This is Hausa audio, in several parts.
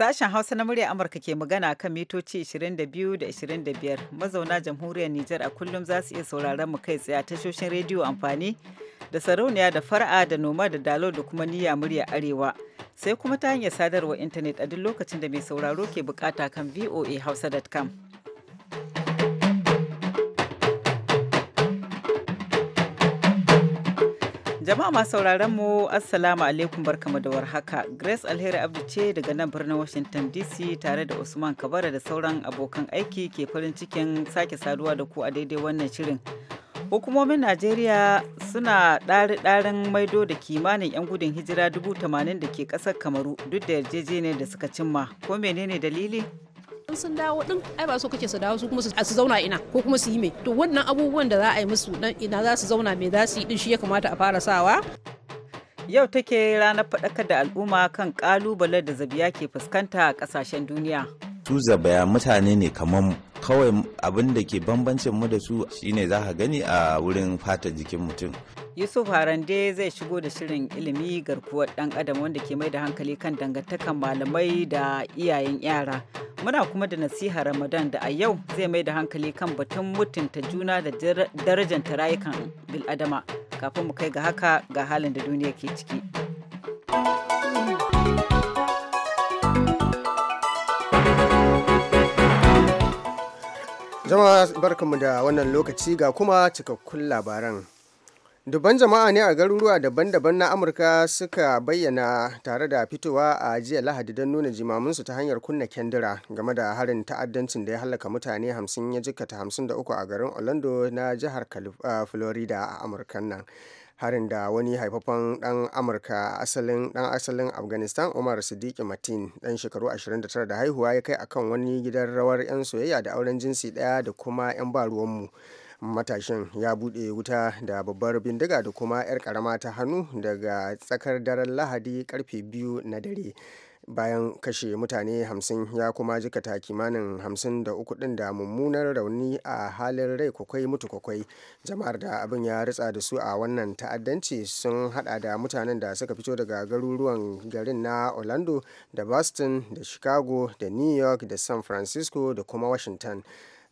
Sashen Hausa na murya Amurka ke magana kan mitoci 22 da 25 mazauna jamhuriyar Nijar a kullum za su iya sauraron mu kai tsaye a tashoshin rediyo amfani da sarauniya da fara'a da noma da dalo da kuma niyya murya arewa sai kuma ta hanyar sadarwar intanet a duk lokacin da mai sauraro ke bukata kan VOA voahausa.com. Jama'a masu sauraron mu Assalamu alaikum barkamu da warhaka. Grace Alheri Abdu ce daga nan birnin Washington DC tare da Usman Kabara da sauran abokan aiki ke farin cikin sake saduwa da ku a daidai wannan shirin. Hukumomin Najeriya suna ɗari-ɗarin maido da kimanin 'yan gudun hijira 80,000 da ke ƙasar Kamaru duk da yarjejeniyar da suka cimma. Ko menene dalili? in sun dawo din ai ba so kake su dawo su kuma su zauna ina ko kuma su yi me to wannan abubuwan da za a yi musu dan ina za su zauna mai za su yi din shi ya kamata a fara sawa yau take ranar faɗakar da al'umma kan ƙalubalen da zabiya ke fuskanta a kasashen duniya su zabaya mutane ne kamar mu kawai abin da ke bambancin mu da su shine za ka gani a wurin fata jikin mutum Yusuf Harande zai shigo da shirin ilimi garkuwar dan adam wanda ke mai da hankali kan dangantakan malamai da iyayen yara. Muna kuma da nasiha Ramadan da a yau zai mai da hankali kan batun mutunta juna da darajar rayukan bil'adama. Kafin mu kai ga haka ga halin da duniya ke ciki. Jama'a barkanmu da wannan lokaci ga kuma cikakkun labaran. duban jama'a ne a garuruwa daban-daban na amurka suka bayyana tare da fitowa a jiya lahadi don nuna jimaminsu ta hanyar kunna kendira game da harin ta'addancin da ya halaka mutane 50 ya jikkata 53 a garin orlando na jihar florida a amurka nan harin da wani haifafan dan amurka asalin dan asalin afghanistan umar sidiki matin ɗan shekaru 29 da haihuwa ya kai akan wani gidan rawar 'yan soyayya da auren jinsi daya da kuma 'yan ba ruwanmu matashin ya bude wuta da babbar bindiga da kuma 'yar karama ta hannu daga tsakar daren lahadi karfe biyu na dare bayan kashe mutane hamsin ya kuma jikata kimanin hamsin da uku din da mummunar rauni a halin rai kwakwai mutu kwakwai jama'ar da abin ya ritsa da su a wannan ta'addanci sun hada da mutanen da suka fito daga garuruwan garin na orlando da boston da chicago da new york da san francisco da kuma washington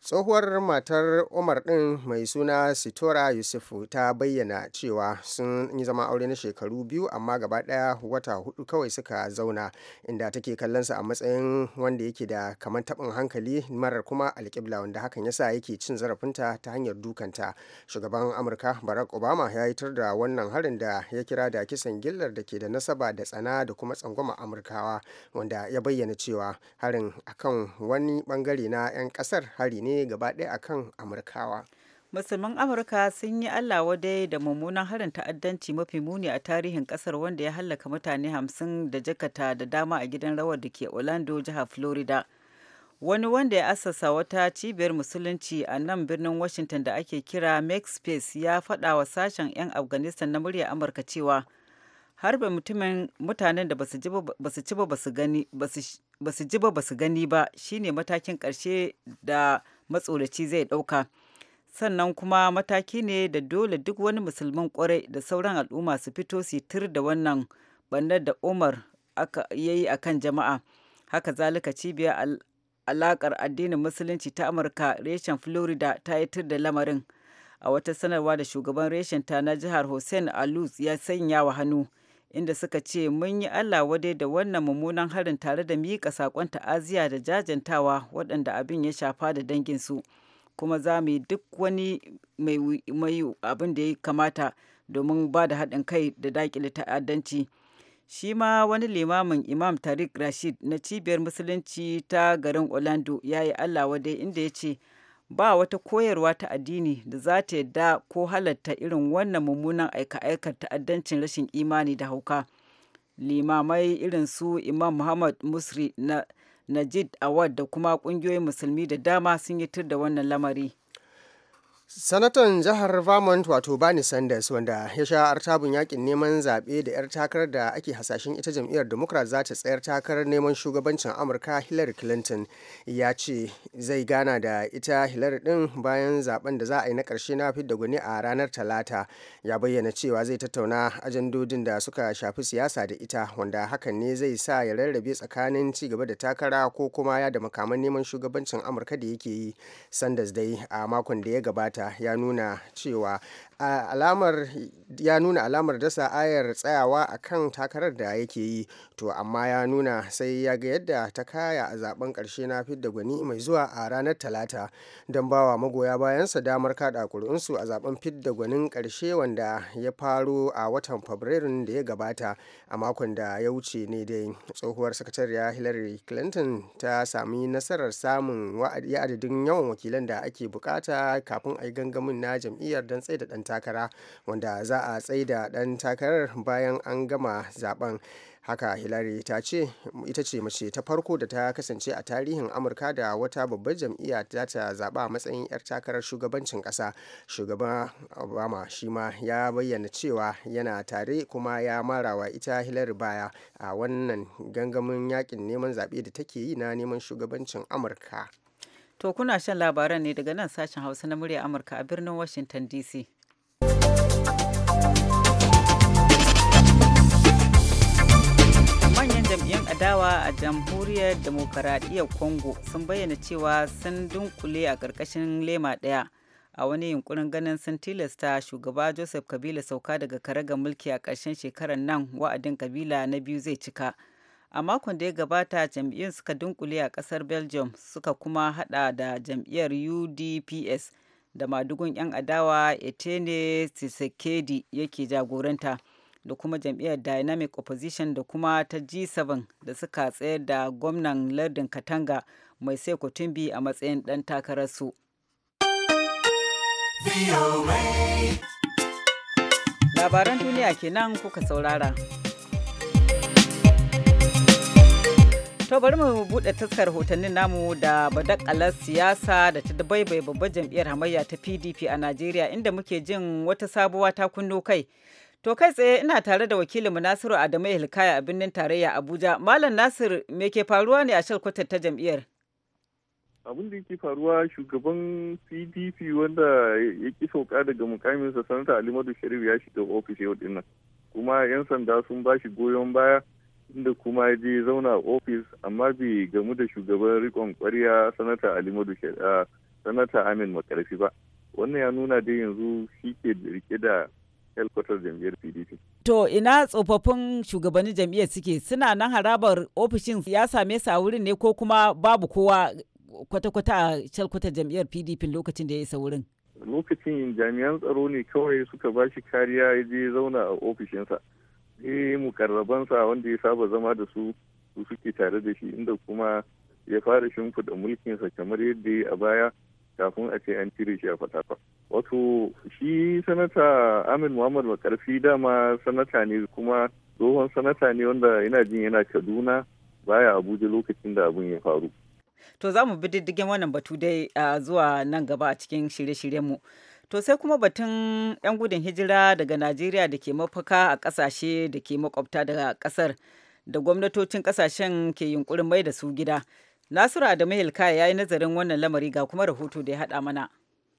tsohuwar matar umar din mai suna sitora yusufu ta bayyana cewa sun yi zama aure na shekaru biyu amma gaba daya wata hudu kawai suka zauna inda take kallon sa a matsayin wanda yake da kamar tabin hankali marar kuma alkibla wanda hakan yasa yake cin zarafinta ta hanyar dukanta shugaban amurka barack obama ya tar da wannan harin da ya kira da kisan gillar da ke da nasaba da tsana da kuma tsangwama amurkawa wanda ya bayyana cewa harin akan wani bangare na 'yan kasar hari ne ne gaba ɗaya akan amurkawa musulman amurka sun yi allah wadai da mummunan harin ta'addanci mafi muni a tarihin kasar wanda ya hallaka mutane hamsin da jakata da dama a gidan rawar da ke orlando jihar florida wani wanda ya asasa wata cibiyar musulunci a nan birnin washington da ake kira make space ya faɗa wa sashen 'yan afghanistan na murya amurka cewa harbe mutumin mutanen da basu ji ba basu gani ba shine matakin karshe da matsoraci zai ɗauka sannan kuma mataki ne da dole duk wani musulmin kwarai da sauran al'umma su fito su tur da wannan bannar da umar ya yi akan jama'a haka zalika cibiyar alakar addinin musulunci ta amurka reshen florida ta yi tir da lamarin a wata sanarwa da shugaban reshen ta na jihar hussein aluz ya sanya wa hannu inda suka ce mun yi Allah wadai da wannan mummunan harin tare da miƙa saƙon ta'aziya da jajantawa waɗanda abin ya shafa da danginsu kuma za mu yi duk wani mai abin da ya kamata domin ba da haɗin kai da daƙile ta'addanci shi ma wani limamin imam tariq rashid na cibiyar musulunci ta garin orlando ya yi allah wadai inda ya ce ba wata koyarwa ta addini da za ta yadda ko halatta irin wannan mummunan aika-aikar ta'addancin rashin imani da hauka limamai irin su imam muhammad musri na najid awad da kuma kungiyoyin musulmi da dama sun yi tur da wannan lamari sanatan jihar vermont wato bernie sanders wanda ya sha artabun yakin neman zaɓe da 'yar takarar da ake hasashen ita jam'iyyar democrat za ta tsayar takarar neman shugabancin amurka hillary clinton ya ce zai gana da ita hillary din bayan zaben da za a yi na ƙarshe na fidda gwani a ranar talata ya bayyana cewa zai tattauna ajandodin da suka shafi siyasa da ita wanda hakan ne zai sa ya rarrabe tsakanin ci gaba da takara ko kuma ya da makaman neman shugabancin amurka da yake yi sanders dai a makon da ya gabata gabata ya nuna cewa alamar ya nuna alamar dasa ayar tsayawa a kan takarar da yake yi to amma ya nuna sai ya ga yadda ta kaya a zaben karshe na fidda gwani mai zuwa a ranar talata don bawa magoya bayansa damar kada kuri'unsu a zaben fidda gwanin karshe wanda ya faru a watan fabrairun da ya gabata a makon da ya wuce ne dai tsohuwar sakatariya hillary clinton ta sami nasarar samun adadin yawan wakilan da ake bukata kafin a yi gangamin na jam'iyyar don tsaida ɗan takara wanda za a tsaida ɗan takarar bayan an gama zaben haka hillary ta ce ita ce mace ta farko da ta kasance a tarihin amurka da wata babbar jam'iyya za ta zaba a matsayin 'yar takarar shugabancin kasa shugaban obama shi ma ya bayyana cewa yana tare kuma ya marawa ita hillary baya a wannan gangamin yakin neman zaɓe da take yi na neman shugabancin amurka to kuna shan labaran ne daga nan sashen hausa na murya amurka a birnin washington dc manyan jam'iyyar adawa a jamhuriyar demokaradiyyar congo sun bayyana cewa sun dunkule a ƙarƙashin lema ɗaya a wani yunkurin ganin sun tilasta shugaba joseph kabila sauka daga karaga mulki a ƙarshen shekarar nan wa'adin kabila na biyu zai cika a makon da ya gabata jam'iyyun suka dunkule a ƙasar belgium suka kuma hada da jam'iyyar udps da madugun 'yan adawa etene tsisekedi yake jagoranta da kuma jam'iyyar dynamic opposition da kuma ta g7 da suka tsayar da gwamnan lardin katanga mai sai kutumbi a matsayin ɗan takararsu labaran duniya kenan kuka saurara To bari mu buɗe taskar hotannin namu da badakalar siyasa da ta dabaibai babbar jam'iyyar hamayya ta PDP a Najeriya inda muke jin wata sabuwa ta kunno kai. To kai tsaye ina tare da wakilin Nasiru Adamu Hilkaya a birnin tarayya Abuja. Malam Nasir me ke faruwa ne a shalkwatar ta jam'iyyar? abin da yake faruwa shugaban pdp wanda ya ki sauka daga mukaminsa sanata alimadu sharif ya shiga ofis yau dinnan kuma 'yan sanda sun ba shi goyon baya inda kuma je zauna a ofis amma bai gamu da shugaban rikon kwarya sanata alimadu sanata amin makarfi ba wannan ya nuna dai yanzu shi ke rike da helkwatar jam'iyyar pdp to ina tsofaffin shugabannin jam'iyyar suke suna nan harabar ofishin ya same su a wurin ne ko kuma babu kowa kwata-kwata a shalkwatar jam'iyyar pdp lokacin da ya isa wurin lokacin jami'an tsaro ne kawai suka bashi kariya ya je zauna a ofishinsa eh mukarrabansa wanda ya saba zama da su su suke tare da shi inda kuma ya fara shimfiɗa mulkinsa kamar yadda ya a baya kafin a ce an cire shi a fatafa wato shi sanata amin muhammad makarfi dama sanata ne kuma tsohon sanata ne wanda yana jin yana kaduna baya abuja lokacin da abin ya faru to za mu bi diddigin wannan batu dai zuwa nan gaba a cikin shirye-shiryenmu. mu To sai kuma batun 'yan gudun hijira daga Najeriya da ke mafaka a ƙasashe da ke makwabta daga ƙasar da gwamnatocin ƙasashen ke yunkurin mai da su gida. Nasiru Adamu Hilkaya ya yi nazarin wannan lamari ga kuma rahoto da ya haɗa mana.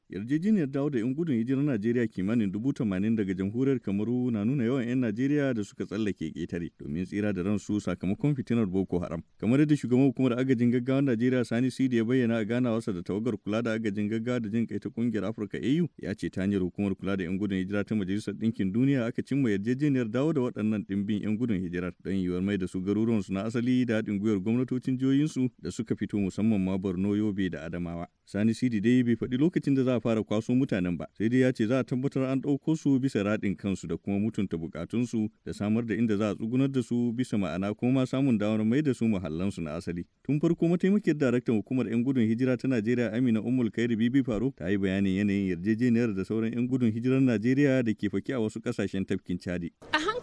yarjejeniyar dawo da 'yan gudun hijira najeriya kimanin dubu tamanin daga jamhuriyar kamaru na nuna yawan 'yan najeriya da suka tsallake ƙetare domin tsira da ransu sakamakon fitinar boko haram kamar yadda shugaban hukumar agajin gaggawa najeriya sani sidi ya bayyana a ganawarsa da tawagar kula da agajin gaggawa da jin kai ta kungiyar afirka au ya ce ta hanyar hukumar kula da 'yan gudun hijira ta majalisar ɗinkin duniya aka cimma yarjejeniyar dawo da waɗannan ɗimbin 'yan gudun hijira. don yiwuwar mai da su garuruwansu na asali da haɗin gwiwar gwamnatocin jihohinsu da suka fito musamman ma borno yobe da adamawa sani sidi dai bai faɗi lokacin da za a fara kwaso mutanen ba sai dai ya ce za a tabbatar an ɗauko su bisa raɗin kansu da kuma mutunta bukatunsu da samar da inda za a tsugunar da su bisa ma'ana kuma ma samun damar mai da su muhallansu na asali tun farko mataimakiyar daraktan hukumar 'yan gudun hijira ta najeriya amina umul kairi bibi faruk ta yi bayanin yanayin yarjejeniyar da sauran 'yan gudun hijirar najeriya da ke fake a wasu kasashen tafkin chadi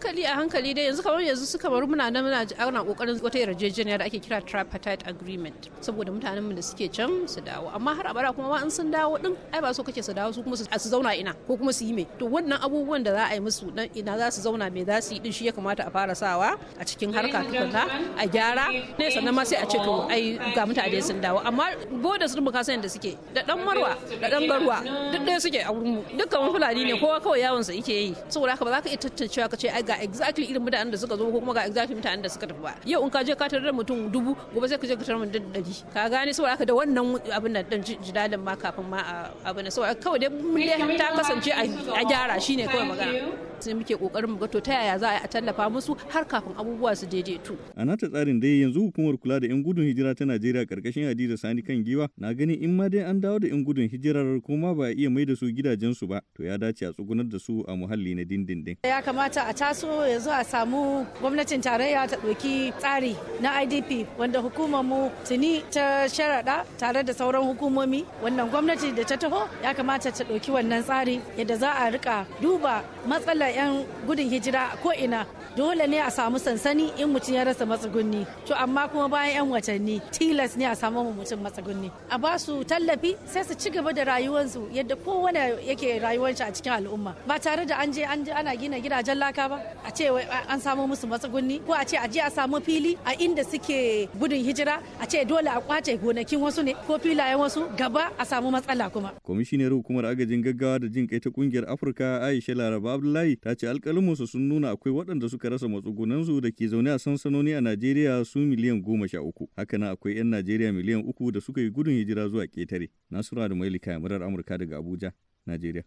hankali a hankali dai yanzu kamar yanzu suka kamar muna nan muna ana kokarin wata yarjejeniya da ake kira tripartite agreement saboda mutanen mu da suke can su dawo amma har abara kuma ma in sun dawo din ai ba so kake su dawo su kuma su zauna ina ko kuma su yi me to wannan abubuwan da za a yi musu dan ina za su zauna me za su yi din shi ya kamata a fara sawa a cikin harka tukunna a gyara ne sannan ma sai a ce to ai ga mutane sun dawo amma bodas din ka san da suke da dan marwa da dan garwa duk ɗaya suke a wurin mu dukkan fulani ne kowa kawai yawon sa yake yi saboda haka ba za ka iya tantancewa ka ce ai ga exactly irin mutanen da suka zo ko kuma ga exactly mutanen da suka tafi ba yau in ka je ka tarar da mutum dubu gobe sai ka je ka tarar mutum dari ka gane saboda haka da wannan abin da dan jidalin ma kafin ma abin da saboda kawai dai miliyan ta kasance a gyara shine kawai magana sai muke kokarin mu ga to ta yaya za a tallafa musu har kafin abubuwa su daidaitu a nata tsarin dai yanzu hukumar kula da yan gudun hijira ta Najeriya karkashin Hadiza Sani kan giwa na gani in ma dai an dawo da yan gudun hijirar kuma ba a iya mai da su gidajensu ba to ya dace a tsugunar da su a muhalli na dindindin ya kamata a taso yanzu a samu gwamnatin tarayya ta ɗauki tsari na IDP wanda hukumar mu tuni ta sharaɗa tare da sauran hukumomi wannan gwamnati da ta taho ya kamata ta ɗauki wannan tsari yadda za a rika duba matsalar da 'yan gudun hijira ko ina dole ne a samu sansani in mutum ya rasa matsugunni to amma kuma bayan 'yan watanni tilas ne a samu mutum matsugunni a ba su tallafi sai su ci gaba da rayuwarsu yadda kowane yake rayuwarsa a cikin al'umma ba tare da an je an je ana gina gidajen laka ba a ce an samu musu matsugunni ko a ce a je a samu fili a inda suke gudun hijira a ce dole a kwace gonakin wasu ne ko filayen wasu gaba a samu matsala kuma kwamishinar hukumar agajin gaggawa da jin kai ta kungiyar afirka aisha laraba abdullahi ta ce musu sun nuna akwai waɗanda suka rasa matsugunansu da ke zaune a sansanoni a Najeriya su miliyan goma sha uku. Hakanan akwai 'yan Najeriya miliyan uku da suka yi gudun hijira zuwa ƙetare. Nasiru Adamu Elika, murar Amurka daga Abuja, Najeriya.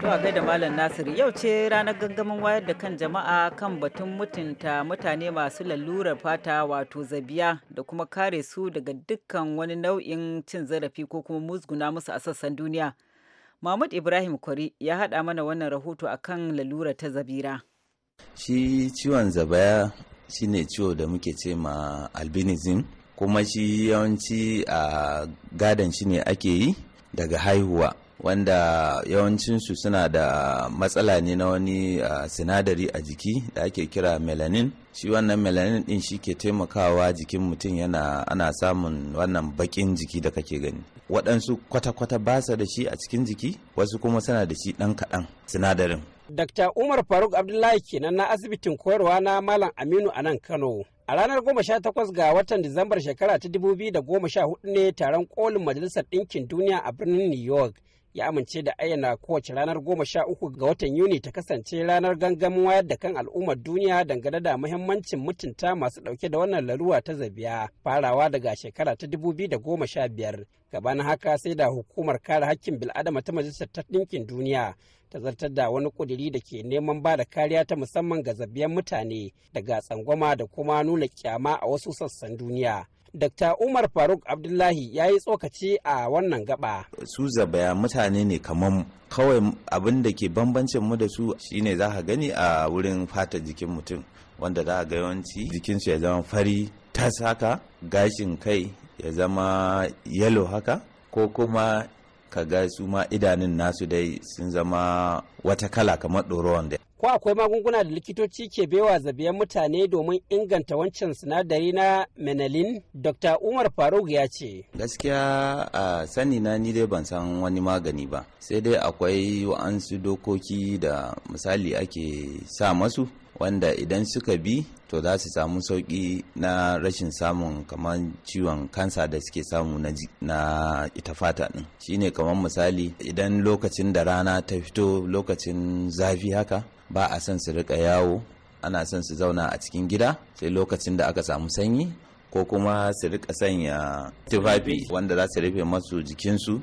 Zuwa gaida Malam Nasir yau ce ranar gangamin wayar da kan jama'a kan batun mutunta mutane masu lalurar fata wato zabiya da kuma kare su daga dukkan wani nau'in cin zarafi ko kuma musguna musu a sassan duniya. Mahmud Ibrahim Kwari ya haɗa mana wannan rahoto akan lalura ta zabira. Shi ciwon zabaya shi ne ciwo da muke ce ma albinism kuma shi yawanci a gadon shi ne ake yi daga haihuwa wanda yawancinsu suna da matsala ne na wani sinadari a jiki da ake kira melanin shi wannan melanin din shi ke taimakawa jikin mutum yana ana samun wannan bakin jiki da kake gani waɗansu kwata-kwata ba da shi a cikin jiki wasu kuma suna da shi ɗan kaɗan sinadarin Dr. Umar Faruk Abdullahi kenan na asibitin koyarwa na Malam Aminu a nan Kano. A ranar 18 ga watan Disambar shekara ta 2014 ne taron kolin Majalisar Ɗinkin Duniya a birnin New York ya amince da ayyana kowace ranar goma sha uku ga watan yuni ta kasance ranar gangamin wayar da kan al'ummar duniya dangane da muhimmancin mutunta masu dauke da wannan laruwa ta zabiya farawa daga shekara ta dubu biyu da goma sha biyar gabanin haka sai da hukumar kare hakkin bil'adama ta majalisar ta ɗinkin duniya ta zartar da wani kudiri da ke neman ba da kariya ta musamman ga zabiyan mutane daga tsangwama da kuma nuna kyama a wasu sassan duniya Dakta Umar Faruk Abdullahi ya yi tsokaci a wannan gaba. Su zabaya mutane ne kamar kawai abin da ke bambancin mu da su shine za ka gani a wurin fata jikin mutum wanda za ga yawanci jikinsu ya zama fari ta haka gashin kai ya zama yalo haka ko kuma ka ga su ma idanun nasu dai sun zama wata kala kamar ɗorowar da ko akwai magunguna da likitoci ke baiwa zabiyan mutane domin inganta wancan sinadari na menalin dr umar faruk ya ce gaskiya a sani na ni dai ban san wani magani ba sai dai akwai wa'ansu dokoki da misali ake sa masu wanda idan suka bi to za su samu sauƙi na rashin samun kamar ciwon kansa da suke samu na, na ita fata ɗin shine kamar misali idan lokacin da rana ta fito lokacin zafi haka ba a son su rika yawo ana son su zauna a cikin gida sai lokacin da aka samu sanyi ko kuma su rika sanya tufafi wanda za su rufe masu jikinsu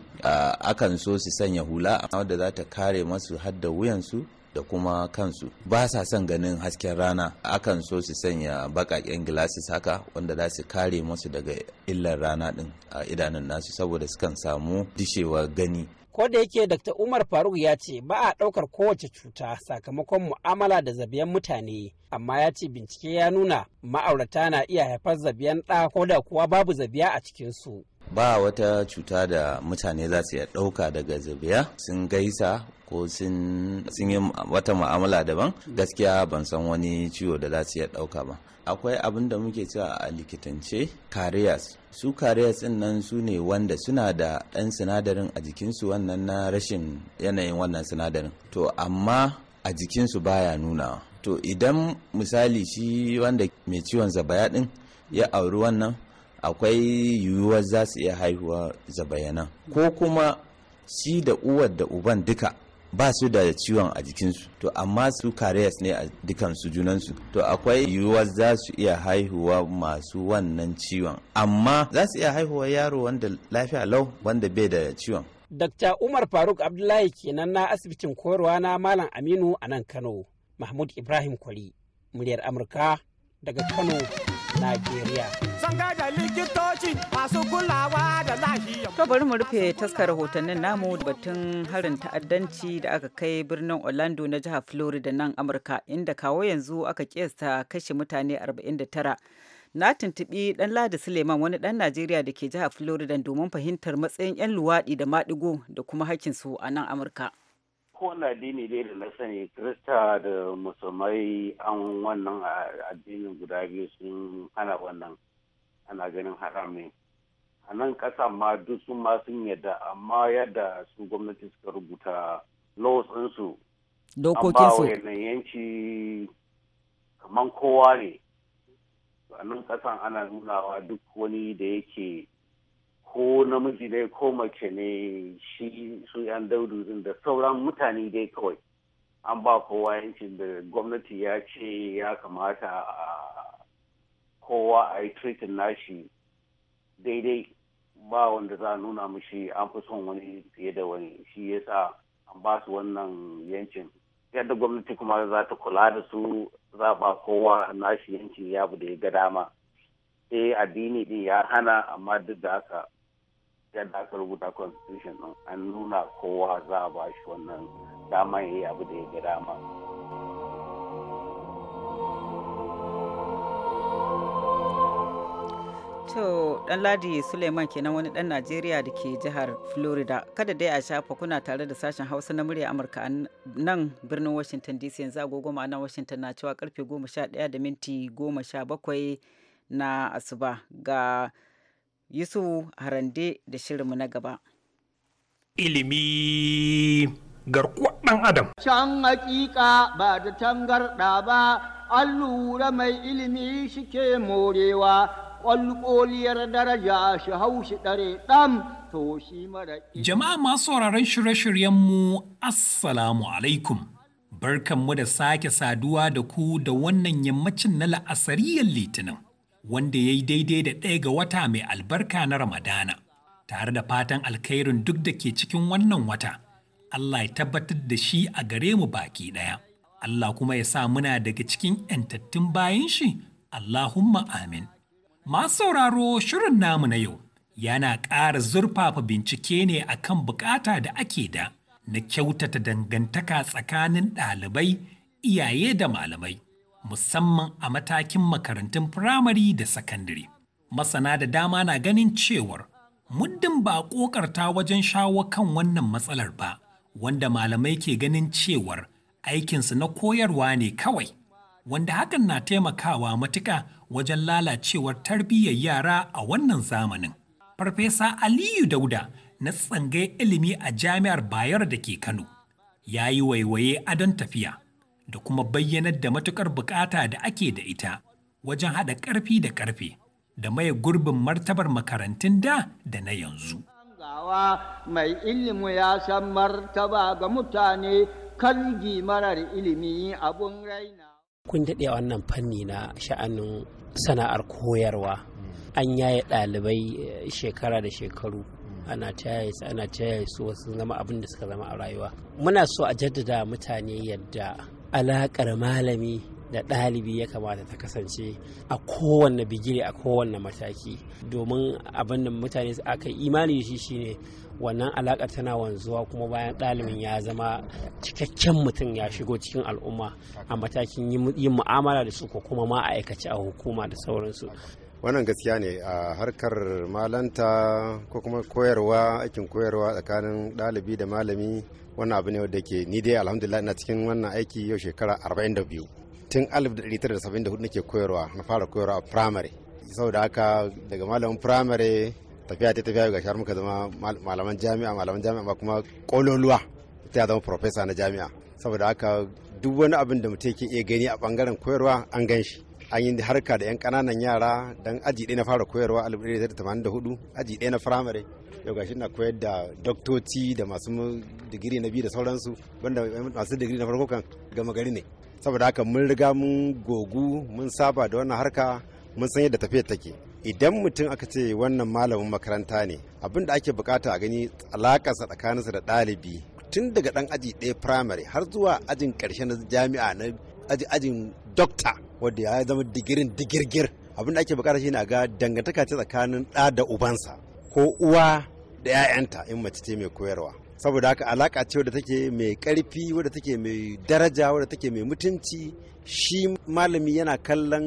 akan so su sanya hula wadda za ta kare masu hadda wuyansu da kuma kansu ba sa son ganin hasken rana akan so su sanya bakaken gilasis haka wanda za su kare masu daga illar rana din a idanun nasu saboda sukan samu dishewar gani ko da yake dr umar faruk ya ce ba a ɗaukar kowace cuta sakamakon mu'amala da zabiyan mutane amma ya ce bincike ya nuna ma'aurata na iya haifar zabiyan ɗa ko da kuwa babu zabiya a cikinsu ba wata cuta da mutane za su iya ɗauka daga zabiya sun gaisa ko sun yi wata mu'amala daban gaskiya ban san wani ciwo da za su iya ɗauka ba akwai abin da muke cewa a likitance carriers su carriers din nan su ne wanda suna da ɗan sinadarin a jikinsu wannan na rashin yanayin wannan sinadarin to amma a jikinsu baya nuna to idan misali shi wanda mai ciwon zabaya din ya auri wannan akwai yiwuwar za su iya haihuwa zabayanan ko kuma shi da uwar da uban duka ba su da ciwon a jikinsu to amma su kariyas ne a dukansu junansu to akwai yiwuwa za su iya haihuwa masu wannan ciwon amma za su iya haihuwa yaro wanda lafiya lau wanda bai da ciwon Dr. Umar Faruk Abdullahi kenan na asibitin koyarwa na Malam Aminu a nan Kano, Mahmud Ibrahim Kwari, muryar Amurka daga Kano, Najeriya. sun da likitoci masu kulawa da lahiya. To bari mu rufe taskar rahotannin namu da batun harin ta'addanci da aka kai birnin Orlando na jihar Florida nan Amurka inda kawo yanzu aka kiyasta kashe mutane 49. Na tuntuɓi ɗan Ladi Suleiman wani ɗan Najeriya da ke jihar Florida domin fahimtar matsayin 'yan luwaɗi da maɗigo da kuma hakinsu a nan Amurka. kowane addini dai da na sani krista da musulmai an wannan addinin guda biyu sun hana wannan ana ganin haram ne a nan ƙasa ma duk sun ma sun yadda amma yadda su gwamnati suka rubuta laws dokokinsu amma ba yanci kaman kowa ne a nan ƙasa ana nunawa duk wani da yake ko namiji ne ko mace ne shi su yan daudu da sauran mutane dai kawai an ba kowa yancin da gwamnati ya ce ya kamata a kowa a yi treating nashi daidai ba wanda za a nuna mishi an fi son wani fiye da wani shi ya sa an ba su wannan yancin yadda gwamnati kuma za ta kula da su za ba kowa nashi yancin ya da ya ga dama sai addini din ya hana amma duk da haka yadda aka rubuta constitution an nuna kowa za a ba shi wannan dama ya yi abu da ya ga dama. To dan Ladi Suleiman kenan wani dan Najeriya da ke jihar Florida. Kada dai a shafa kuna tare da sashen Hausa na murya Amurka nan birnin Washington DC yanzu agogo ma'ana Washington na cewa karfe 11 da minti 17 na asuba ga Yusuf Harande da shirinmu na gaba. Ilimi garkuwar dan Adam. Can hakika ba da tangarɗa ba, an lura mai ilimi shike morewa ƙwalƙoliyar daraja shi haushi ɗare ɗan to shi mara Jama'a masu wararen shirye-shiryenmu Assalamu alaikum. Barkanmu da sake saduwa da ku da wannan yammacin na la'asariyar litinin wanda ya yi daidai da ɗaya ga wata mai albarka na Ramadana. Tare da fatan alkhairin duk da ke cikin wannan wata, Allah ya tabbatar da shi a gare mu baki ɗaya. Allah kuma ya sa muna daga cikin ‘yantattun bayan shi, Allahumma amin. Masu sauraro shirin namu na yau yana ƙara zurfafa bincike ne a kan bukata da ake da na kyautata dangantaka tsakanin ɗalibai, iyaye da malamai, musamman a matakin makarantun firamare da sakandare. Masana da dama na ganin cewar muddin ba ƙoƙarta wajen shawo kan wannan matsalar ba, wanda malamai ke ganin cewar aikinsu na koyarwa ne kawai. wanda hakan na taimakawa matuƙa wajen lalacewar tarbiyyar yara a wannan zamanin. Farfesa Aliyu Dauda na tsangai ilimi a Jami'ar Bayar da ke Kano ya yi waiwaye adon tafiya da kuma bayyanar da matukar bukata da ake da ita wajen haɗa ƙarfi da ƙarfe da maye gurbin martabar makarantun da da na yanzu. mai ilimi ya san martaba ga mutane kalgi marar ilimi abun raina. kun daɗe a wannan fanni na sha'anin sana'ar koyarwa an yaye ɗalibai eh, shekara da shekaru ana tayaye su ana tayaye su wasu zama abin da suka zama a rayuwa muna so a jaddada mutane yadda alaƙar malami da ɗalibi ya kamata ta kasance a kowanne bigire a kowanne mataki domin abin da mutane aka imani da shi shine wannan alaƙar tana wanzuwa kuma bayan ɗalibin ya zama cikakken mutum ya shigo cikin al'umma a matakin yin mu'amala da su ko kuma ma a hukuma da sauransu wannan gaskiya ne a harkar malanta ko kuma koyarwa aikin koyarwa tsakanin ɗalibi da malami wannan abu ne wadda ke ni dai alhamdulillah ina cikin wannan aiki yau shekara 42 tun 1974 nake koyarwa na fara koyarwa a primary saboda haka daga malamin primary tafiya ta tafiya ga shahar muka zama malaman jami'a malaman jami'a ba kuma kololuwa ta zama profesa na jami'a saboda haka duk wani abin da mutum ke iya gani a bangaren koyarwa an gan shi an yi harka da 'yan kananan yara don aji ɗaya na fara koyarwa a 1984 aji ɗaya na firamare yau gashi na koyar da doktoci da masu digiri na biyu da sauransu wanda masu digiri na farko kan gama gari ne saboda haka mun riga mun gogu mun saba da wannan harka mun san yadda tafiyar take idan mutum aka ce wannan malamin makaranta ne abin da ake bukata a gani alakarsa tsakaninsa da ɗalibi tun daga ɗan aji ɗaya firamare har zuwa ajin ƙarshe na jami'a na ajin dokta wadda ya zama digirin digirgir abin da ake bukata shine a ga dangantaka ce tsakanin ɗa da ubansa ko uwa da 'ya'yanta in mace ce mai koyarwa saboda haka alaka ce wadda take mai karfi wadda take mai daraja wadda take mai mutunci shi malami yana kallon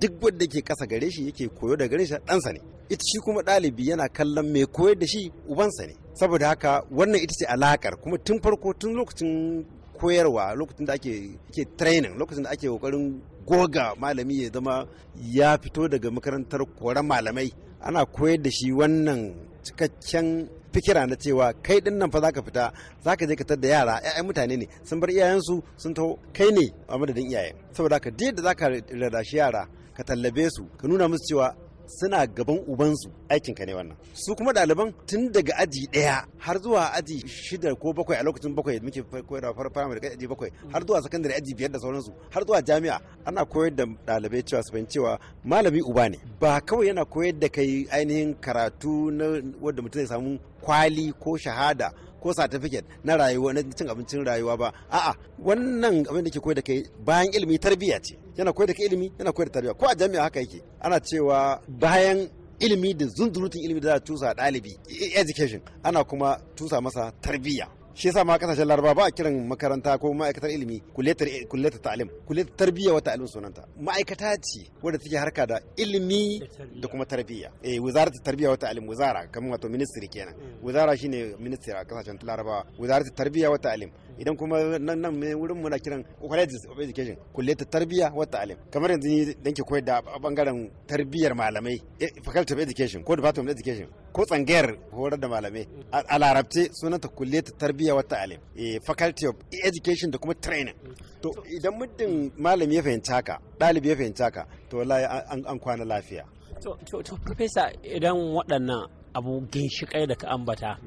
duk wadda ke kasa gare shi yake koyo da gare shi ɗansa ne ita shi kuma ɗalibi yana kallon mai koyar da shi ubansa ne saboda haka wannan ita ce alakar kuma tun farko tun lokacin koyarwa lokacin da ake ke training lokacin da ake kokarin goga malami ya zama ya fito daga makarantar koran malamai ana koyar da shi wannan cikakken fikira na cewa kai din nan fa zaka fita zaka je ka tar da yara ƴaƴan mutane ne sun bar iyayensu sun taho kai ne a madadin iyaye saboda haka duk da zaka rarrashi yara ka tallabe su ka nuna musu cewa suna gaban ubansu aikin ka ne wannan su kuma ɗaliban tun daga aji ɗaya har zuwa aji shida ko bakwai a lokacin bakwai da muke koyarwa da firamare kai aji bakwai har zuwa sakandare aji biyar da sauransu har zuwa jami'a ana koyar da ɗalibai cewa su fahimci cewa malami uba ne ba kawai yana koyar da kai ainihin karatu na wanda mutum zai samu kwali ko shahada ko certificate na rayuwa na cin abincin rayuwa ba a'a wannan abin da ke koyar da kai bayan ilimi tarbiyya ce yana koyar da kai ilimi yana koyar da tarbiyya ko a jami'a haka yake ana cewa bayan ilimi da zunzurutun ilimi da za a tusa ɗalibi e-, education ana kuma tusa masa tarbiyya shi yasa ma kasashen laraba ba a kiran makaranta ko ma'aikatar ilimi kulletar ta'alim kulletar tarbiyya wa ta'alim sunanta ma'aikata ce wadda take harka da ilimi da kuma tarbiyya eh wizarar tarbiyya wa ta'alim wizara kamar wato ministry kenan mm. wizara shine ministry a kasashen laraba wizarar tarbiyya wa ta'alim idan kuma nan nan wurin muna kiran colleges of education kulletar tarbiyya wa ta'alim kamar yanzu ni danke koyar da bangaren tarbiyyar malamai eh, faculty of education ko department of education ko tsangayar horar da malamai a larabce sunanta kulliyar tarbiyya wata alim eh, faculty of education da kuma training to idan muddin malami ya fahimci ka ɗalibi ya fahimci haka to wallahi an kwana lafiya to to professor idan waɗannan abu ginshiƙai da ka ambata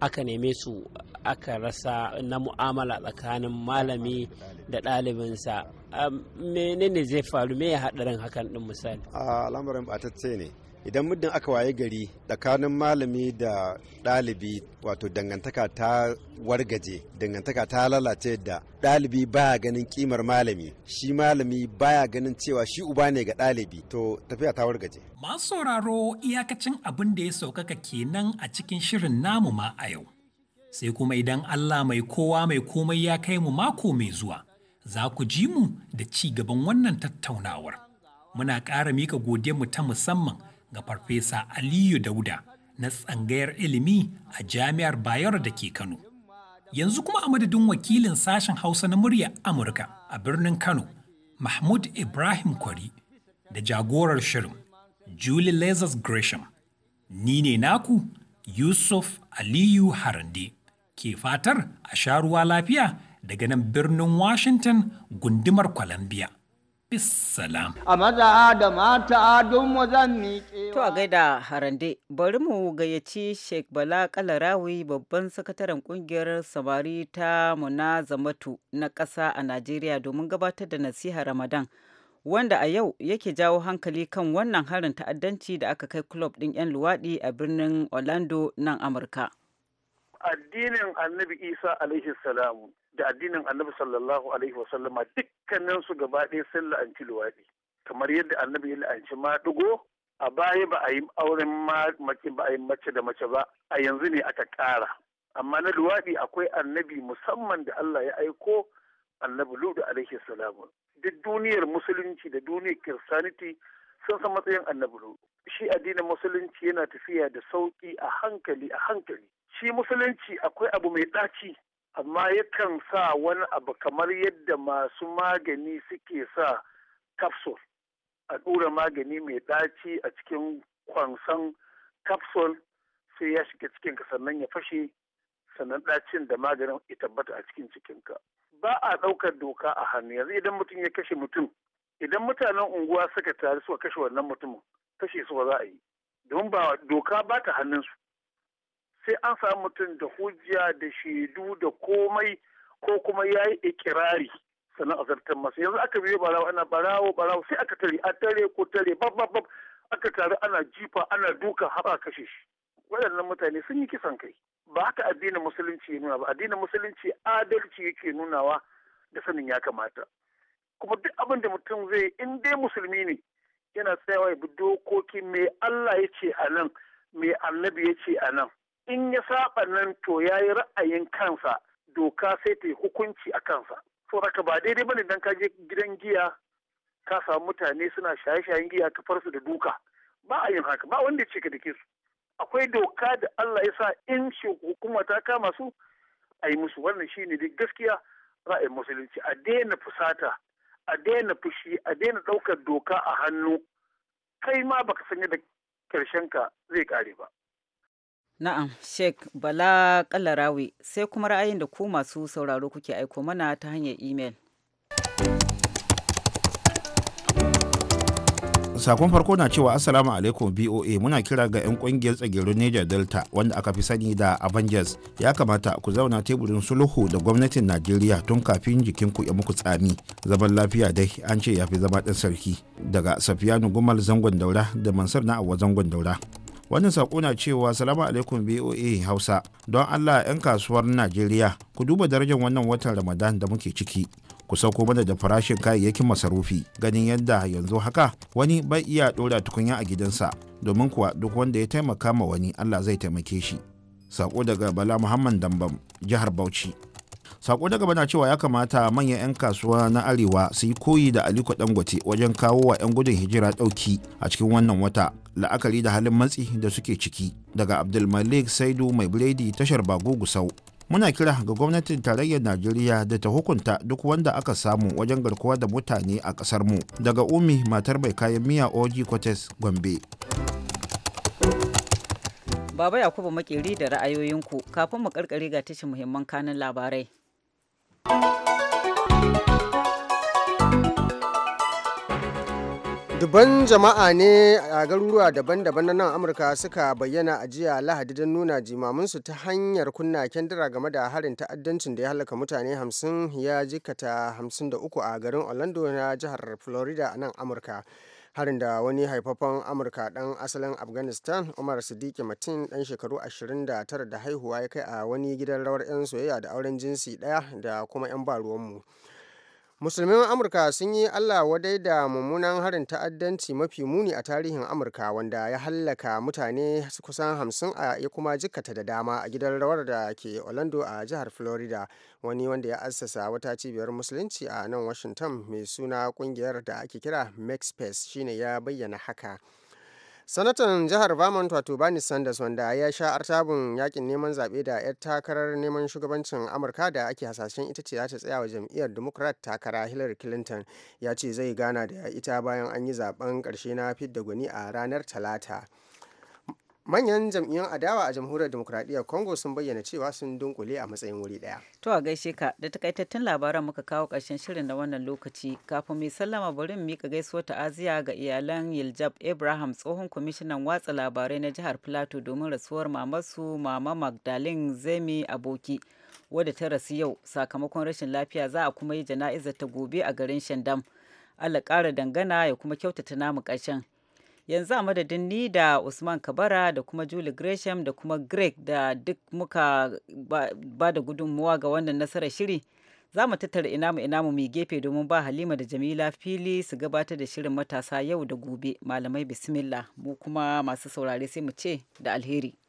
aka neme su aka rasa na mu'amala tsakanin malami da ɗalibinsa um, menene zai faru me ya haɗarin hakan ɗin misali ah, al'amarin ɓatacce ne idan muddin aka waye gari tsakanin malami da ɗalibi wato dangantaka ta wargaje dangantaka ta lalace da ɗalibi baya ganin kimar malami shi malami baya ganin cewa shi uba ne ga ɗalibi to tafiya ta wargaje masu sauraro iyakacin abin da ya saukaka kenan a cikin shirin namu ma a yau sai kuma idan Allah mai kowa mai komai ya kai mu mako mai zuwa za ku ji mu da ci gaban wannan tattaunawar muna ƙara mika godiyar mu ta musamman ga Farfesa Aliyu Dauda na tsangayar ilimi a Jami'ar Bayero da ke Kano. Yanzu kuma a madadin wakilin sashen Hausa na murya Amurka a birnin Kano, Mahmud Ibrahim Kwari da jagorar shirin Julie Lazarus Gresham. Ni ne naku Yusuf Aliyu Harande ke fatar a sha ruwa lafiya daga nan birnin Washington gundumar Columbia. bisalam. A maza da mata don wazan miƙe. To a gaida harande, bari mu gayyaci Sheikh Bala Kalarawi babban sakataren kungiyar samari ta Munazamatu na ƙasa a Najeriya domin gabatar da nasiha Ramadan. Wanda a yau yake jawo hankali kan wannan harin ta'addanci da aka kai kulob ɗin 'yan luwaɗi a birnin Orlando nan Amurka. Addinin Annabi Isa alaihi da addinin annabi sallallahu alaihi wasallama dukkanin su gaba ɗaya sun la'anci luwaɗi kamar yadda annabi ya la'anci maɗigo a baya ba a yi auren ma ba a yi mace da mace ba a yanzu ne aka ƙara amma na luwaɗi akwai annabi musamman da Allah ya aiko annabi Ludu alaihi salamu duk duniyar musulunci da duniyar kirsaniti sun san matsayin annabi Ludu shi addinin musulunci yana tafiya da sauƙi a hankali a hankali shi musulunci akwai abu mai ɗaci amma yakan sa wani abu kamar yadda masu magani suke sa capsule a ɗura magani mai ɗaci a cikin kwansan capsule sai ya shiga cikinka sannan ya fashe sannan ɗacin da maganin ya tabbata a cikin cikinka ba a ɗaukar doka a hannu yanzu idan mutum ya kashe mutum idan mutanen unguwa suka tare suka kashe wannan mutumin kashe su ba za a yi don ba doka ba ta hannunsu sai an samu mutum da hujja da shaidu da komai ko kuma ya yi ikirari sannan a zartar masa yanzu aka biyo barawo ana barawo barawo sai aka tare a tare ko tare bab bab bab aka tare ana jifa ana duka haɓa kashe shi waɗannan mutane sun yi kisan kai ba haka addinin musulunci ya nuna ba addinin musulunci adalci yake nunawa da sanin ya kamata kuma duk abin da mutum zai in dai musulmi ne yana tsayawa ya bi dokoki mai Allah ya ce a nan mai annabi ya ce a nan in ya saba nan to ya yi ra'ayin kansa doka sai ta yi hukunci a kansa saboda ba daidai bane dan ka je gidan giya ka samu mutane suna shaye-shayen giya ka su da duka ba a yin haka ba wanda ya ce ka dake su akwai doka da Allah ya sa in shi hukuma ta kama su a yi musu wannan shine dai gaskiya ra'ayin musulunci a daina fusata a daina fushi a daina ɗaukar doka a hannu kai ma baka san yadda karshen ka zai kare ba Na'am, Sheikh Bala Kalarawi sai kuma ra'ayin da ku masu sauraro kuke aiko mana ta hanyar imel. Sakon farko na cewa Assalamu alaikum BOA muna kira ga 'yan kungiyar tsagerun Niger Delta wanda aka fi sani da Avengers ya kamata ku zauna teburin sulhu da gwamnatin Najeriya tun kafin jikinku ya muku tsami. Zaman lafiya dai an ce ya fi zama ɗan sarki daga Safiyanu Gumal zangon daura da Mansur na Awa zangon daura. wannan sako na cewa salamu alaikum boa hausa don allah 'yan kasuwar najeriya ku duba darajar wannan watan ramadan da muke ciki ku sauko mana da farashin kayayyakin masarufi ganin yadda yanzu haka wani bai iya ɗora tukunya a gidansa domin kuwa duk wanda ya taimaka ma wani allah zai taimake shi sako daga bala muhammad dambam jihar bauchi sako daga bana cewa ya kamata manyan 'yan kasuwa na arewa su yi koyi da aliko dangote wajen kawo wa 'yan gudun hijira ɗauki a cikin wannan wata la'akari da halin matsi da suke ciki daga abdulmalik saidu mai biredi tashar bago gusau muna kira ga gwamnatin tarayyar najeriya da ta hukunta duk wanda aka samu wajen garkuwa da mutane a kasar mu daga umi matar mai kayan miya oji kwates gombe baba yakubu makeri da ra'ayoyinku kafin mu karkare ga tashin muhimman kanin labarai Duban jama'a ne a garuruwa daban-daban na nan Amurka suka bayyana a jiya Lahadi don nuna jimaminsu ta hanyar kunna kendira game da harin ta'addancin da ya halaka mutane 50 ya jikata 53 a garin Orlando na jihar Florida a nan Amurka. harin da wani haifafen amurka dan asalin afghanistan umar sidiki matin dan shekaru 29 da haihuwa ya kai a wani gidan rawar 'yan soyayya da auren jinsi daya da kuma 'yan baruwanmu musulmin amurka sun yi allah wadai da mummunan harin ta'addanci mafi muni a tarihin amurka wanda ya hallaka mutane kusan hamsin a ya kuma jikkata da dama a gidan rawar da ke orlando a jihar florida wani wanda ya assasa wata cibiyar musulunci a nan washington mai suna kungiyar da ake kira mexpes shine ya bayyana haka sanatan jihar vermont wato bernie sanders wanda ya sha artabun yakin neman zaɓe da 'yar takarar neman shugabancin amurka da ake hasashen ita ce za ta tsaya wa jam'iyyar democrat takara hillary clinton ya ce zai gana da ita bayan an yi zaben karshe na fidda gwani a ranar talata manyan jam'iyyun adawa a jamhuriyar demokradiyyar congo sun bayyana cewa sun dunkule a matsayin wuri daya. to a gaishe ka da takaitattun labaran muka kawo karshen shirin na wannan lokaci kafin mai sallama bari mu miƙa gaisuwar ta'aziya ga iyalan yiljab abraham tsohon kwamishinan watsa labarai na jihar plateau domin rasuwar mamasu mama magdalene zemi aboki wadda ta rasu yau sakamakon rashin lafiya za a kuma yi jana'izar ta gobe a garin shandam allah kara dangana ya kuma kyautata namu karshen yanzu a madadin ni da usman kabara da kuma julie gresham da kuma greg da duk muka ba da gudunmuwa ga wannan nasarar shiri za mu tattara inamu inamu mai gefe domin ba halima da jamila fili su gabatar da shirin matasa yau da gobe malamai bismillah mu kuma masu saurare sai mu ce da alheri